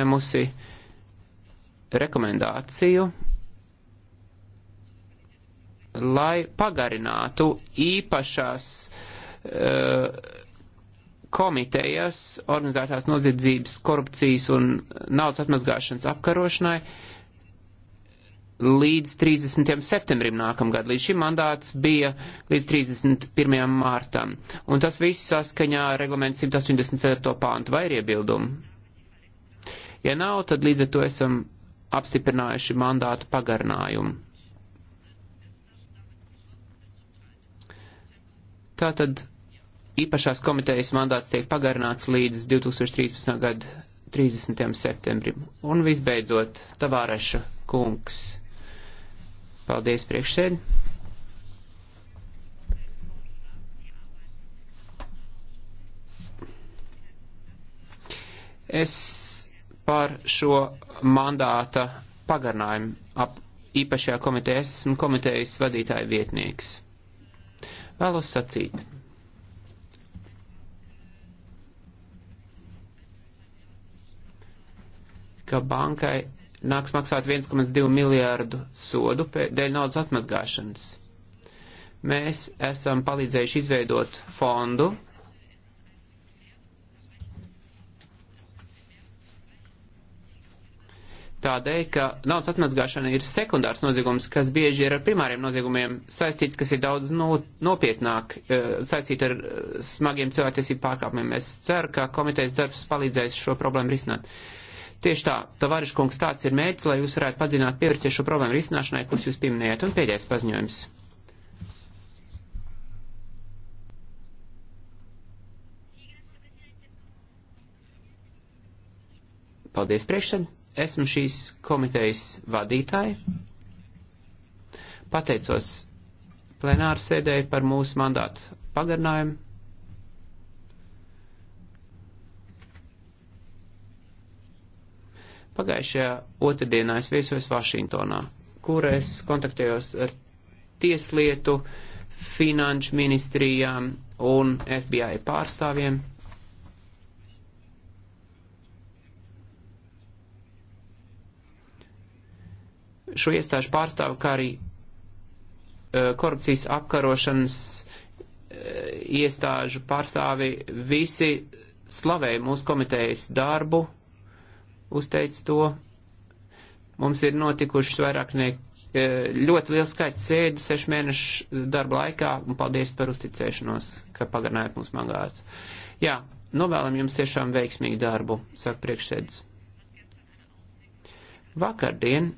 pieņēmusi rekomendāciju, lai pagarinātu īpašās uh, komitejas organizētās noziedzības, korupcijas un naudas atmazgāšanas apkarošanai līdz 30. septembrim nākamgad. Līdz šim mandāts bija līdz 31. mārtam. Un tas viss saskaņā ar reglamentu 187. pāntu vai ir iebildumu? Ja nav, tad līdz ar to esam apstiprinājuši mandātu pagarinājumu. Tātad īpašās komitejas mandāts tiek pagarināts līdz 2013. gada 30. septembrim. Un visbeidzot, Tavāreša kungs. Paldies priekšsēdi. Es par šo mandāta pagarinājumu ap īpašajā komiteja. Esmu komitejas vadītāja vietnieks. Vēlos sacīt. ka bankai nāks maksāt 1,2 miljārdu sodu dēļ naudas atmazgāšanas. Mēs esam palīdzējuši izveidot fondu, tādēļ, ka naudas atmazgāšana ir sekundārs noziegums, kas bieži ir ar primāriem noziegumiem saistīts, kas ir daudz no, nopietnāk eh, saistīts ar eh, smagiem cilvēktiesību pārkāpumiem. Es ceru, ka komitejas darbs palīdzēs šo problēmu risināt. Tieši tā, tavariškungs, tāds ir mērķis, lai jūs varētu padzināt pievērsties šo problēmu risināšanai, kuras jūs pieminējat, un pēdējais paziņojums. Paldies priekšsēdētājiem! Esmu šīs komitejas vadītāji. Pateicos plenāru sēdēju par mūsu mandātu pagarinājumu. Pagājušajā otrdienā es viesos Vašingtonā, kur es kontaktējos ar tieslietu, finanšu ministrijām un FBI pārstāvjiem. šo iestāžu pārstāvu, kā arī e, korupcijas apkarošanas e, iestāžu pārstāvi visi slavēja mūsu komitejas darbu, uzteica to. Mums ir notikušas vairāk nekā e, ļoti liels skaits sēdi sešu mēnešu darba laikā, un paldies par uzticēšanos, ka pagarinājāt mums mangātu. Jā, novēlam jums tiešām veiksmīgu darbu, saka priekšsēdis. Vakardien